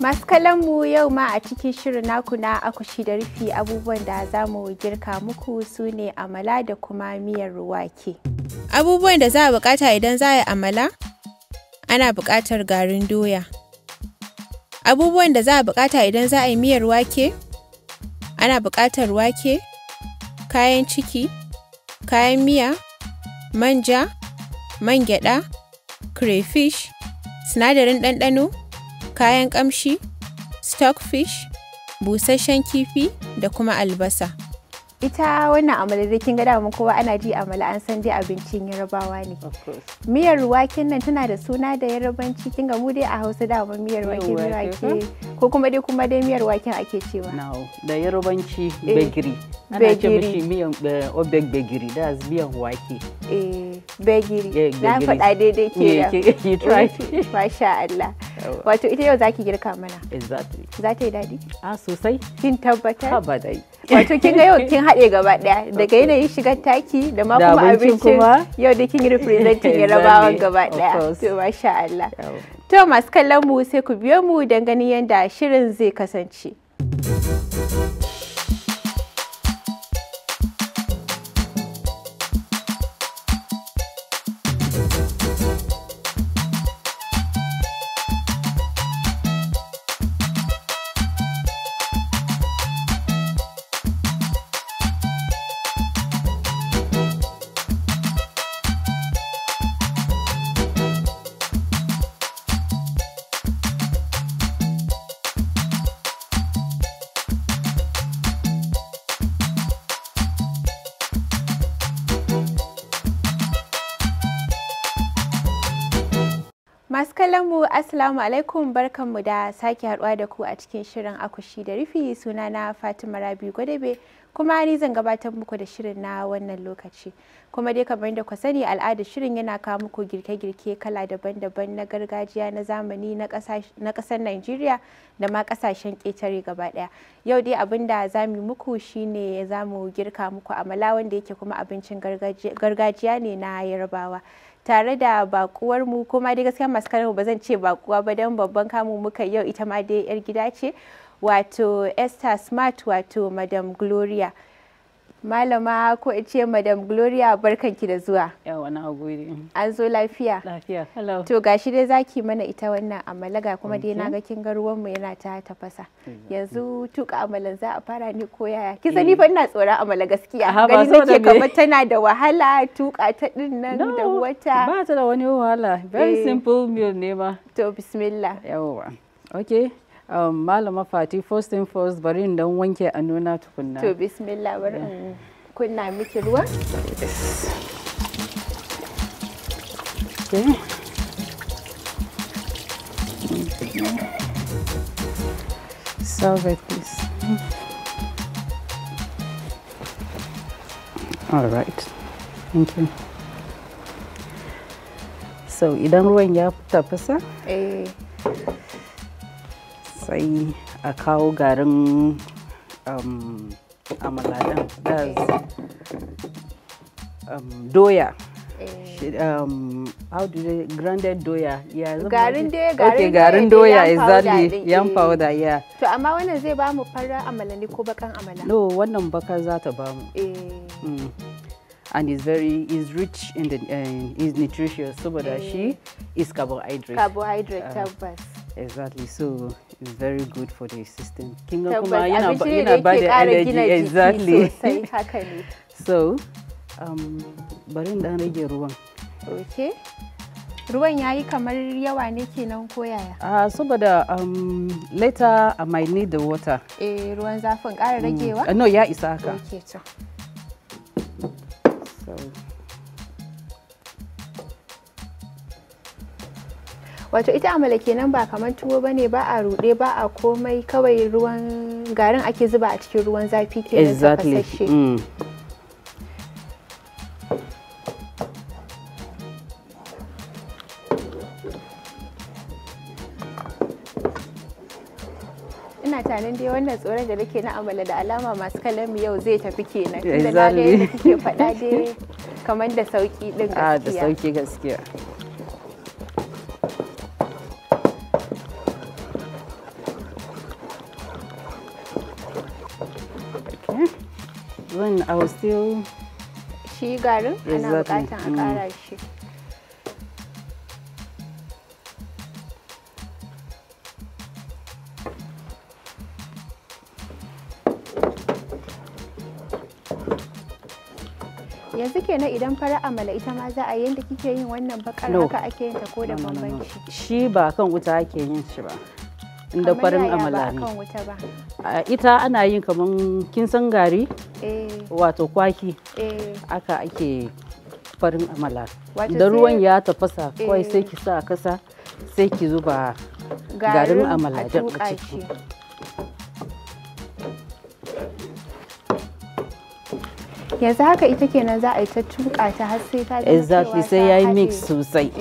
masu mu yau ma a cikin shirin naku na akushi da rufi abubuwan da za mu girka muku su ne amala da kuma miyar wake. Abubuwan da za a bukata idan za a amala? Ana bukatar garin doya. Abubuwan da za a bukata idan za a yi miyar wake? Ana bukatar wake, kayan ciki, kayan miya, manja, man gyada, crayfish, sinadarin ɗanɗano, kayan ƙamshi, stockfish, busasshen kifi da kuma albasa. Ita wannan amala da kin gada mun kowa ana ji amala an san dai abincin Yarbawa ne. Miyar waken nan tana da suna da Yarbanci kin ga mu dai a Hausa da mun miyar wake miyar wake ko kuma dai kuma dai miyar waken ake cewa. da Yarbanci eh. begiri. Ana ce mishi miyan eh, obeg begiri da miyan wake. Eh. begiri na faɗa daidai ke you try masha Allah wato ita yau zaki girka mana exactly za ta yi daɗi ah sosai kin tabbatar ha ba dai wato kin ga yau kin haɗe gaba daya daga yanayin shigar taki da ma kuma abincin yau da kin representing rabawa gaba daya to masha Allah to masu kallon mu sai ku biyo mu dan ganin yadda shirin zai kasance kallon mu assalamu alaikum barkanmu da sake haduwa da ku a cikin shirin akushi da rufi sunana Fatima Rabi Gwadabe kuma ni zan gabatar muku da shirin na wannan lokaci kuma dai kamar da ku sani al'adar shirin yana kawo muku girke-girke kala daban-daban na gargajiya na zamani na kasar nigeria da ma kasashen ƙetare gaba ɗaya yau dai abin da za mu muku shine za mu girka muku amala wanda yake kuma abincin gargajiya ne na yarbawa tare da bakuwar mu kuma dai gaskiya masu kallon ba zan ce bakuwa ba don babban kamun muka yau ita ma dai yar gida ce wato Esther Smart wato Madam Gloria Malama ko in ce Madam Gloria barkanki da zuwa. Yawa na gode. An zo lafiya. Lafiya, hello. To gashi dai zaki mana ita wannan amalaga kuma dai na ga kin ga ruwanmu yana ta tafasa. Yanzu tuka amalan za a fara ni ko yaya? Ki sani eh. fa ina tsoron amala gaskiya. Gani nake kamar tana da wahala tuka ta din nan da wata. Ba ta da wani wahala. Very eh. simple meal ne ma. To bismillah. Yawa. Okay. Um, malama fati first thing first bari in dan wanke a nuna tukunna to bismillah bari in kunna miki ruwa Salve, please. All right. Thank you. So, idan ruwan ya tafasa? Eh. sai a kawo garin um, amaladan um, doya eh. um, how do they grounded doya yeah garin doya garin okay garin doya exactly yam eh. powder yeah to amma wannan zai ba mu fara amala ne ko bakan amala no wannan baka za ta ba mu eh mm. and is very is rich in the uh, is nutritious saboda eh. shi is carbohydrate carbohydrate ah. tabbas exactly so it's very good for the system kin ga kuma yana ba the energy exactly so um, bari dan rage ruwan okay ruwan yayi kamar yawa ne kenan ko yaya ah saboda um, later i might need the water eh ruwan zafin ƙara ragewa mm. ah, no ya isa haka okay so wato ita amala kenan ba kamar tuwo bane ba a ruɗe ba a komai kawai ruwan garin ake zuba a cikin ruwan zafi da exactly. Mm. ina tanin dai wannan tsoron da nake na amala da alama masu kalami yau zai tafi kenan tunda na ga yadda faɗa dai kamar da sauki din ah, gaskiya garin a will still. Shi garin ana bukatan a kara mm. shi. yanzu ke kenan idan fara amala ita ma za a yi yadda kike yin wannan bakar haka ake yin ta ko da bambanci shi ba kan wuta ake yin shi ba inda farin amala ne ba kan wuta ba ita ana yin kaman kin san gari eh. wato kwaki eh. aka ake farin amala da ruwan ya tafasa kawai sai eh. ki sa kasa sai ki zuba garin amala a ciki yanzu haka ita kenan za a yi ta tuka ta har sai ta exactly sai yayi mix sosai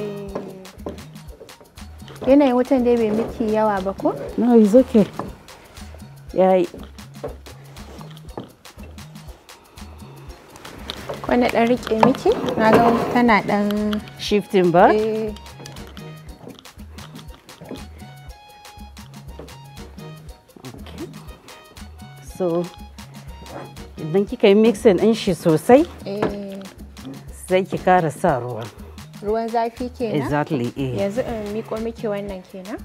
yanayin wutan dai bai miki yawa ba ko no it's okay yayi wanda ɗan riƙe miki na ga tana ɗan shifting ba eh. so idan kika yi mixin ɗin shi sosai eh. sai ki kara sa ruwan ruwan zafi kenan exactly eh yanzu in miko miki wannan kenan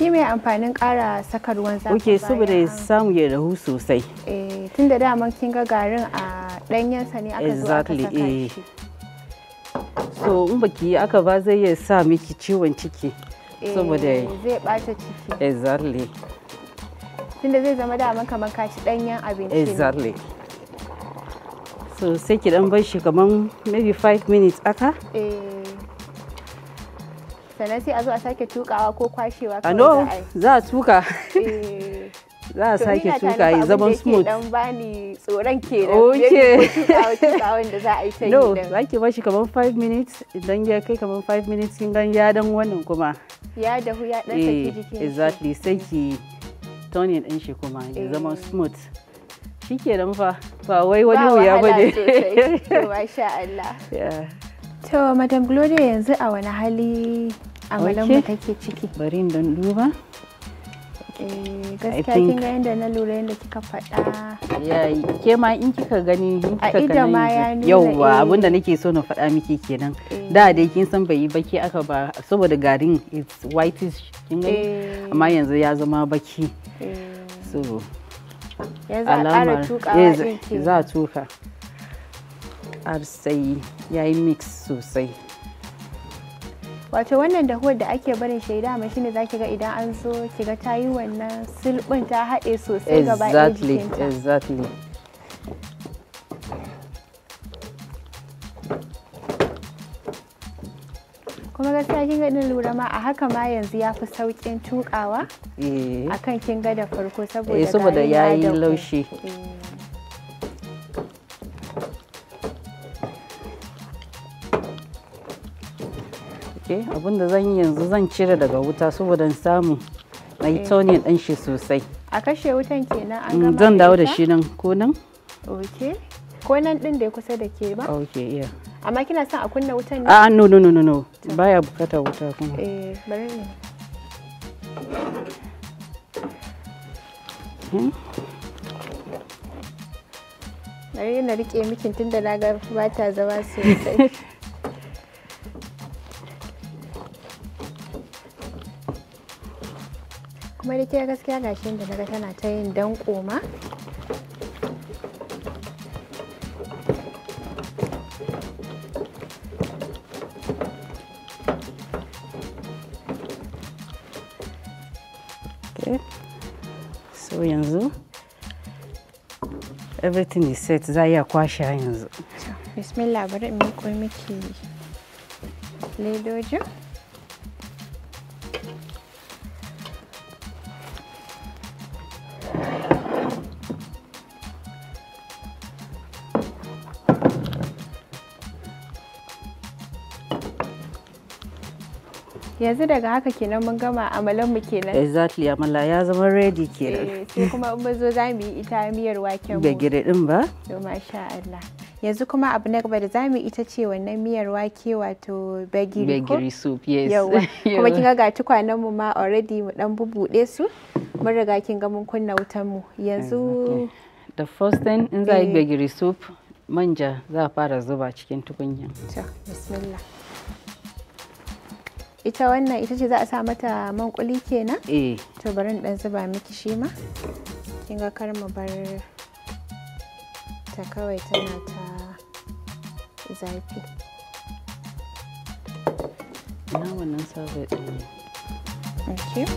Shi mai amfanin ƙara saka ruwan zafi Oke, saboda ya samu ya rahu sosai. Eh, tun da dama kin ga garin a ɗanyensa ne aka zo aka saka eh. shi. So, in baki yi aka ba zai iya sa miki ciwon ciki. Eh, saboda zai ɓata ciki. Exactly. Tunda zai zama dama kamar ka ci ɗanyen abinci. Exactly. So, sai ki d'an bar shi kamar maybe 5 minutes aka. Eh. sannan sai a a sake tukawa ko kwashewa a za a tuka eh. za a sake tuka yi zaman smooth dan bani tsoron ke tukawa da za a yi ta yi za ki bashi kamar 5 minutes idan ya kai kamar 5 minutes kin gan ya dan wannan kuma ya dahu ya dan saki eh, jikin exactly sai ki tonin din shi kuma ya zama eh. smooth shi ke shikenan fa ba wai wani wuya bane masha Allah to madam gloria yanzu a wani hali amalan mu take ciki bari dan duba eh, gaskiya kin ga yadda na lura yadda kika faɗa yayi ke ma in kika gani in kika gani a ma ya nuna yauwa eh. abinda nake so na faɗa miki kenan eh. da dai kin san bai yi baki aka ba saboda garin it's whitish kin gani amma yanzu ya zama baki so alamar za a tuka arsai yayi mix sosai wato wannan dahuwar da ake barin shaida mai shine zaki ga idan an zo ki ga ta yi wannan sulbin ta haɗe sosai gaba ɗaya jikinta exactly kuma gaskiya kin ga din lura ma a haka ma yanzu ya fi saukin tukawa eh. akan kin ga da farko saboda eh, saboda yayi laushi eh. ce abinda zan yi yanzu zan cire daga wuta saboda samu na yi eh. tonin ɗan shi sosai a kashe wutan kenan an mm, gama zan dawo da shi nan ko nan oke ko nan din da ya kusa da ke ba oke iya amma kina son a kunna wutan ne a ah, no no no no baya bukata wuta kuma eh bari ne hmm? Na yi na rike mikin tun da na ga ba ta zama sosai marike gaskiya shi da daga tana ta yin danko ma so yanzu everything is set za iya kwashe yanzu bismillah bari in miko miki ledojin yanzu daga haka kenan mun gama amalan mu kenan exactly amala ya zama ready kenan eh, sai kuma in mun zo za mu yi ita miyar waken mu gire din ba to masha Allah yanzu kuma abu na gaba da za mu ita ce wannan miyar wake wato bagiri ko bagiri soup yes kuma kin ga tukwanen mu ma already mu dan bubude su mun riga kin ga mun kunna wutan mu yanzu the first thing in za yi eh. bagiri soup manja za a fara zuba cikin tukunya bismillah ita wannan ita ce za a sa mata man kenan eh to bari dan zuba miki shi ma kin ga kar mu bar ta kawai tana ta zafi na wannan sabai okay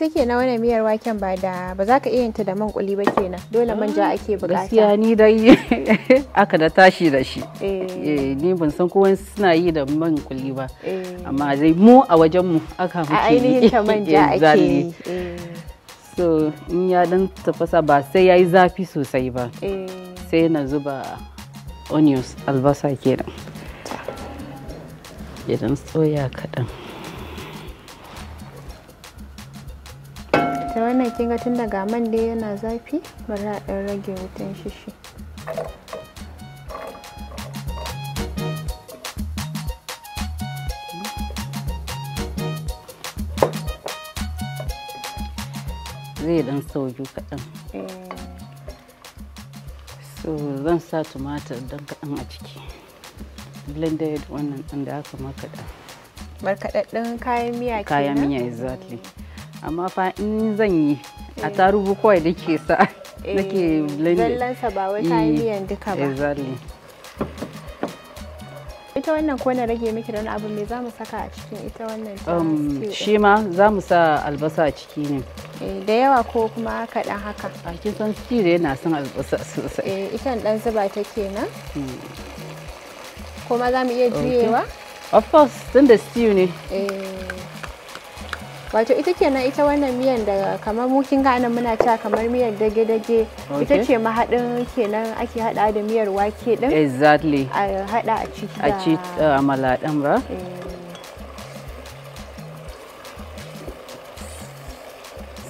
take na wannan miyar waken ba da ba za ka iya yinta da man kuli ba kenan dole manja ah, ake bukata gaskiya ni dai aka da tashi da shi eh, eh ni ban san kowa suna yi da man kuli ba eh. amma dai mu a wajen mu aka muke a ainihin ta manja eh, ake yi so in ya dan tafasa ba sai yayi zafi sosai ba sai na zuba onions albasa kenan idan tsoya kaɗan mai kin ga tun daga man dai yana zafi bari a ɗan rage wutan shishi zai dan sauju kaɗan eh. so zan sa tumatir don kaɗan a ciki yadda wannan ɗan da aka makaɗa markaɗaɗɗen kayan miya kayan miya exactly mm. amma fa in zan yi a tarubu kawai da ke sa da eh, ke zallansa ba wai yi eh, miyan duka ba exactly ita wannan ko na rage miki da wani abu me za mu saka a cikin ita wannan um, shi ma za mu sa albasa a ciki ne eh, da yawa ko kuma kaɗan haka a kin san stew da yana son albasa sosai eh ita dan zuba ta nan. Hmm. kuma za mu iya juyewa of course tun da stew ne eh wato ita kenan ita wannan miyan da kamar mu kin ga nan muna cewa kamar miyan dage-dage ita ce mahadin kenan ake hada da miyar wake din exactly a hada a ciki a ci eh, amala din ba eh.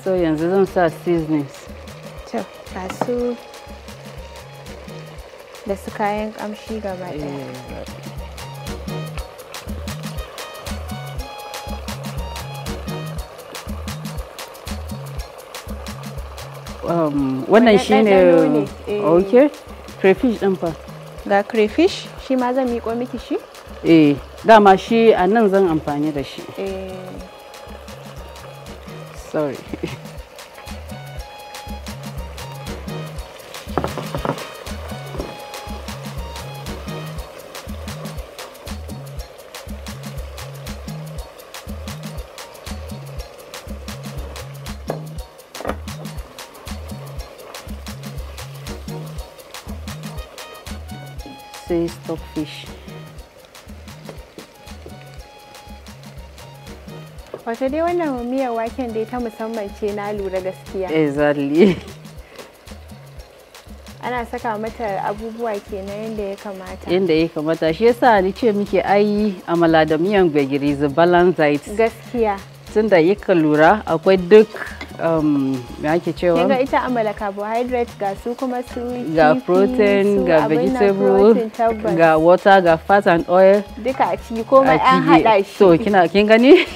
so yanzu zan sa seasonings to ga su da su kayan kamshi gaba daya eh, Um, wannan shi ne eh. ok crayfish din fa ga crayfish shi ma zan miƙo miki shi eh dama shi a nan zan amfani da shi eh sorry stockfish Wata dai wannan miyar waken dai ta musamman ce na lura gaskiya exactly ana saka mata abubuwa ke na yadda ya kamata yadda ya kamata shi yasa ni ce muke ayi amala da miyan gbegiri the balance gaskiya tunda yi ka lura akwai duk Um, me ake cewa kinga ita amala carbohydrate ga su kuma su ga protein ga vegetable ga water ga fat and oil duka a ciki komai an hada shi so kina kin gani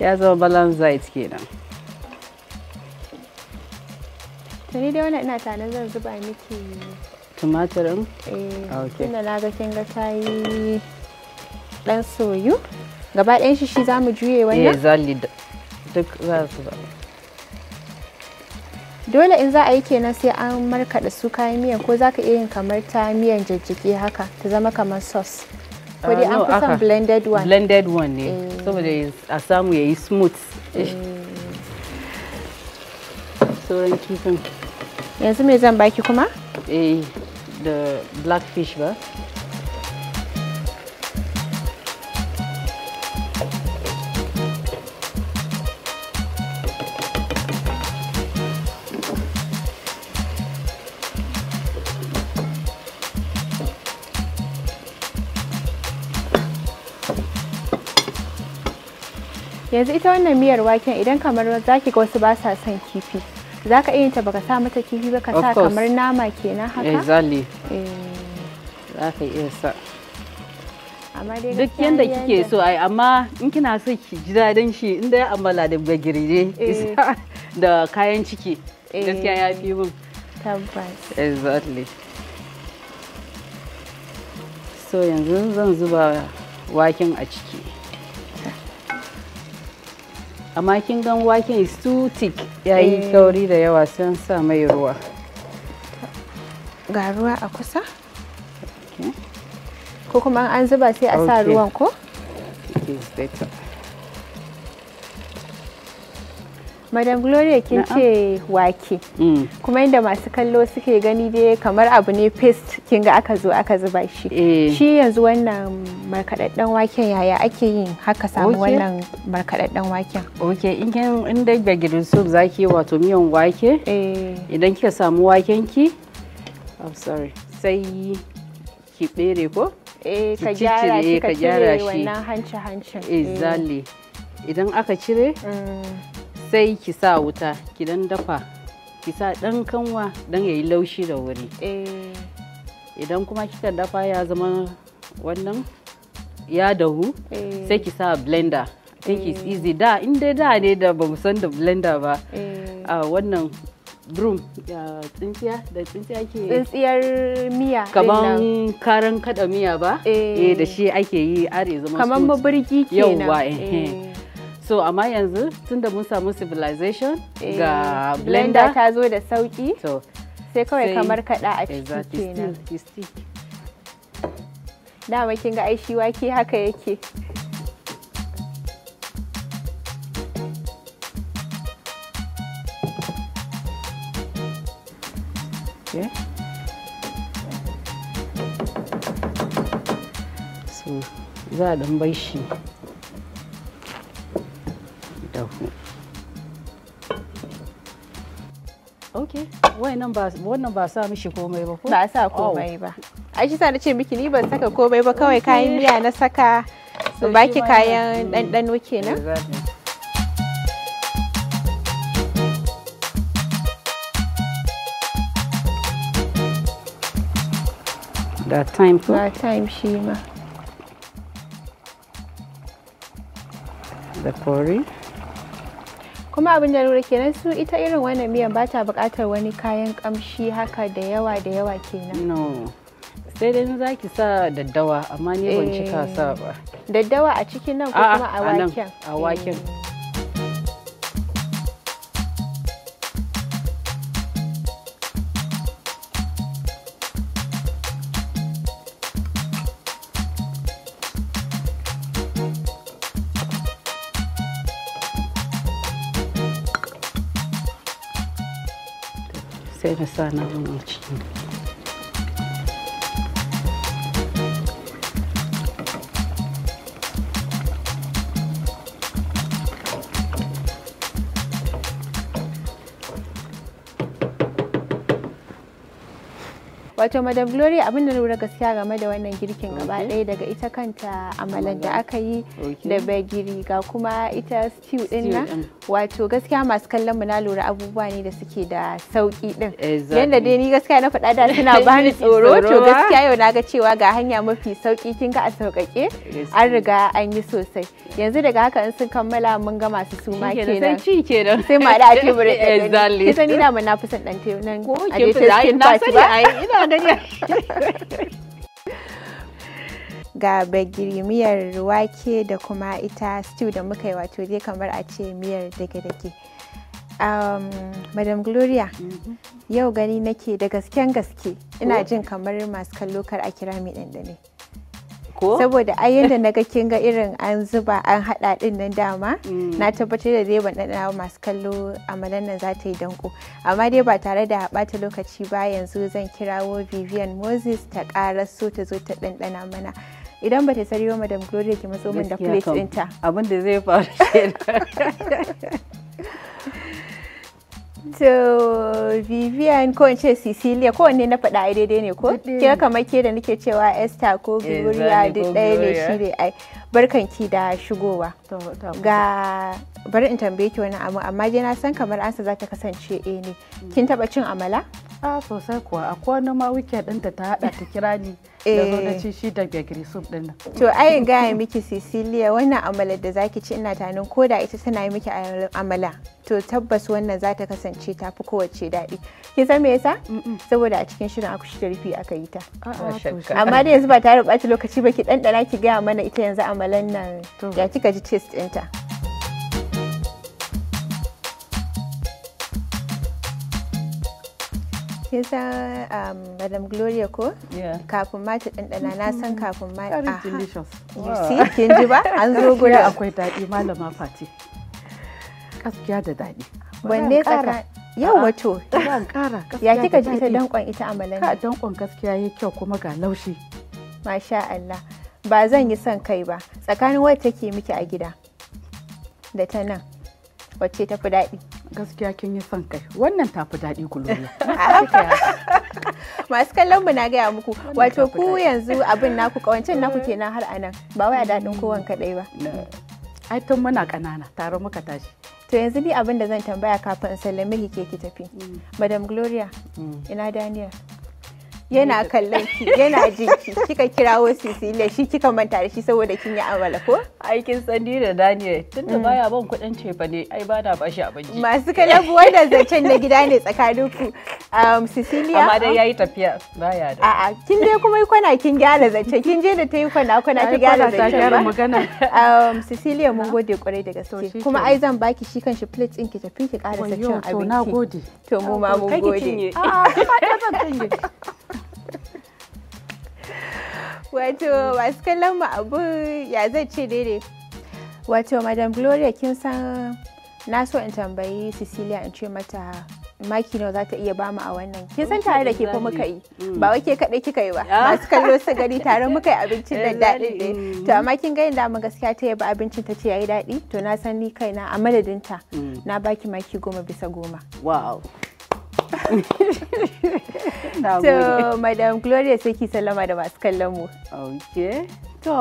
ya zama balance diet kenan to ni dai wannan ina tana zan zuba miki tumatirin eh ah, tunda na ga kin ga tayi dan soyu gaba ɗayan shi shi zamu juye eh, wannan duk za su ba. dole in za a yi kenan sai an markaɗa su kayan miyan ko za ka iya yin kamar ta miyan jajjage haka ta zama kamar sauce ko dai ah, an fi son blended one blended one ne eh. saboda a samu ya yi smooth eh. Eh. sauran kifin yanzu me zan baki kuma eh da black fish ba yanzu ita wannan miyar waken idan kamar za ki ga wasu ba sa son kifi za ka iya ta ka sa mata kifi ba ka sa kamar nama kenan haka exactly eh. za ka iya sa duk yadda kike so ai amma in kina so ki ji daɗin shi in dai amala da bagirire eh. da kayan ciki eh. gaskiya ya fi mun tabbas exactly so yanzu zan zuba waken a ciki amma kin gan waken is too thick yayi eh. kauri da yawa sun sa mai ruwa ga ruwa a kusa ko kuma an zuba sai a sa ruwan ko madam gloria kin ce wake mm. kuma inda masu kallo suke gani dai kamar abu ne paste kin ga aka zo aka zuba shi eh. shi yanzu wannan markaɗaɗɗen waken yaya ake yin haka samu wannan markaɗaɗɗen waken Oke in kin in dai gidan soup zaki wato miyan wake eh. idan kika samu waken ki i'm sorry sai ki bere ko eh ka gyara shi ka gyara shi wannan hanci hancin eh. exactly idan aka cire mm. sai ki sa wuta ki dan dafa ki sa dan kanwa dan yayi laushi da wuri eh. idan kuma kika dafa ya zama wannan ya dahu eh. sai ki sa blender I think it's eh. easy da in dai da ne da ba mu san da blender ba a wannan broom tsintiya da tsintiya ke tsintiyar miya kaman karan kada miya ba eh da shi ake yi are zama kaman maburki kenan yauwa eh so amma yanzu tunda mun samu civilization eh, ga blender ta zo da sauki to sai kawai kamar kada a ciki kenan dama kin ga ai shi wake haka yake za a ɗan bai shi dahu ok wannan ba sa mishi komai ba ko ba sa komai ba a shi sa na ce miki ni ban saka komai ba kawai kayan miya na saka su baki kayan ɗanɗano kenan da mm. eh, time ko? da time shi ma da curry kuma abin da lura kenan su ita irin wannan miyan ba ta buƙatar wani kayan kamshi haka da yawa da yawa kenan no sai dai za ki sa daddawa amma ni ban cika eh. sa ba daddawa a cikin nan ko kuma a waken a waken essa é Nádia Montini. wato madam glory abin da lura gaskiya game da wannan girkin gaba ɗaya daga ita kanta amalan da aka yi da bagiri ga kuma ita stew din nan wato gaskiya masu kallon mu na lura abubuwa ne da suke da sauki din yanda dai ni gaskiya na faɗa da suna bani tsoro to gaskiya yau na ga cewa ga hanya mafi sauki kin ga a sauƙaƙe an riga an yi sosai yanzu daga haka in sun kammala mun ga masu suma kenan sai ci kenan sai ma da a bari ɗin exactly kisa ni na mun na fi son nan tenan a dai ta sani ba ina dariya ga bagiri miyar wake da kuma ita stew da muka yi wato dai kamar a ce miyar dage-dage um, madam gloria mm-hmm. yau gani nake da gasken gaske ina oh. jin kamar masu kallo kar a kira mai ɗanɗane ko saboda ai na naga kin ga irin an zuba an haɗa din nan dama mm. na tabbatar da zai ban masu kallo a nan za ta yi danko amma dai ba tare da bata lokaci ba yanzu zan kirawo Vivian Moses ta so ta zo ta dandana mana idan ba ta sariyo madam Gloria ki matso min da plate ɗinta abin da zai faru kenan To Vivian ko in ce Cecilia ko wanne na faɗa daidai ne ko? Ke kamar ke da nake cewa Esther ko Gloria eh, duk ɗaya ne shi ne ai. Barkan ki da shigowa. Ga bari in tambaye ki wani abu amma dai na san kamar ansa za ta kasance eh ne. Mm. Kin taɓa cin amala? A sosai kuwa akwai wani ma wike ɗinta ta haɗa ta kira ni. da zo na eh. ci shi da gagiri soup din nan. To ai gaya miki Cecilia wannan amala da zaki ci ina tanin koda ita tana yi miki amala to tabbas wannan za ta kasance ta fi kowace daɗi Kin san me yasa saboda a cikin shirin akushi da rufi aka yi ta amma da yanzu ba tare da ɓata lokaci ba ki ɗanɗana ki gaya mana ita yanzu amalan nan ya kika ji test ɗinta. kin san um, madam gloria ko kafin ma ta ɗanɗana na san kafin ma a ha see kin ji ba an zo gurin akwai daɗi malama fati gaskiya da daɗi wanne tsaka yau wato ƙara ya kika ji ita dankon ita amalan ka dankon gaskiya ya kyau kuma ga laushi masha Allah ba zan yi son kai ba tsakanin wacce take miki a gida da ta nan wacce ta fi daɗi gaskiya kin yi son kai wannan ta fi daɗi kuluriya masu kallon mu na gaya muku wato ku yanzu abin naku kawancin naku kenan har anan ba wai a daɗin kowanka kaɗai ba ai tun muna ƙanana tare muka tashi to yanzu ni abin da zan tambaya kafin in sallame ki ke tafi mm. madam gloria mm. ina daniel yana kallon ki yana jin ki kika kirawo Cecilia shi kika manta da shi saboda kin yi amala ko aikin sandi da Daniel tunda mm. baya ban kuɗin cefa ne ai ba na ba shi abinci masu kalabu da zancen na gida ne tsakanin ku um, Cecilia amma dai yayi tafiya baya da a'a kin dai kuma yi kwana kin gyara zance kin je da ta yi kwana kwana ta gyara zance ba magana um, Cecilia mun gode kwarai da gaske kuma ai zan baki shi kanshi plate ɗin ki tafi ki ƙara sakin abinci to na gode to mu ma mun gode wato masu kallon mu abu ya zai ce daidai wato madam gloria kin san na so in tambayi cecilia in ce mata maki nawa za ta iya bamu a wannan kin san tare da ke fa muka yi ba wake kadai kaɗai kika yi ba ah. masu kallo su gari tare muka yi abincin da eh, daɗi ne to amma kin ga da mu gaskiya ta yaba abincin ta ce yayi daɗi to na san ni kaina a madadinta mm. na baki maki goma bisa goma wow so madam gloria sai ki sallama da masu kallon mu okay to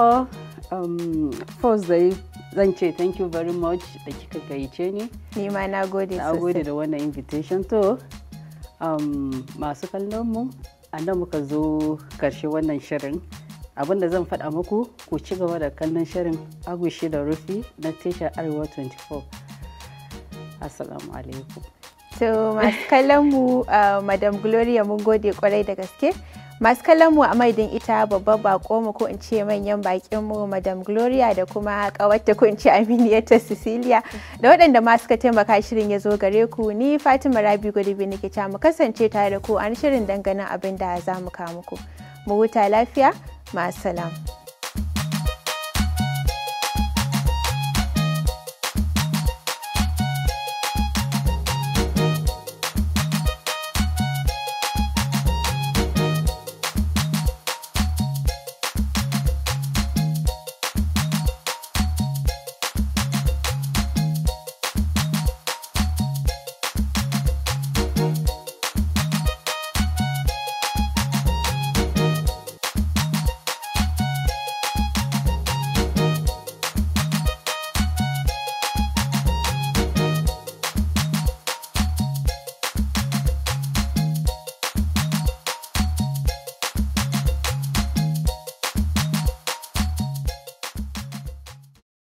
um, first dai zan ce thank you very much da kika gayyace ni ni ma na gode sosai na gode da wannan invitation to um, masu kallon mu a nan muka zo karshe wannan shirin abin da zan faɗa muku ku ci gaba da kallon shirin agushi da rufi na tashar arewa 24 assalamu alaikum To masu kallon mu Madam Gloria mun gode kwarai da gaske. Masu kallon mu a maidin ita babban bako mu ko in ce manyan bakin mu Madam Gloria da kuma kawarta ko in ce Aminiyata Cecilia da waɗanda ma suka taimaka shirin ya zo gare ku ni Fatima Rabi Gudubi nake ta mu kasance tare da ku an shirin danganin abin da za mu kawo muku. Mu huta lafiya, ma ma'asalam.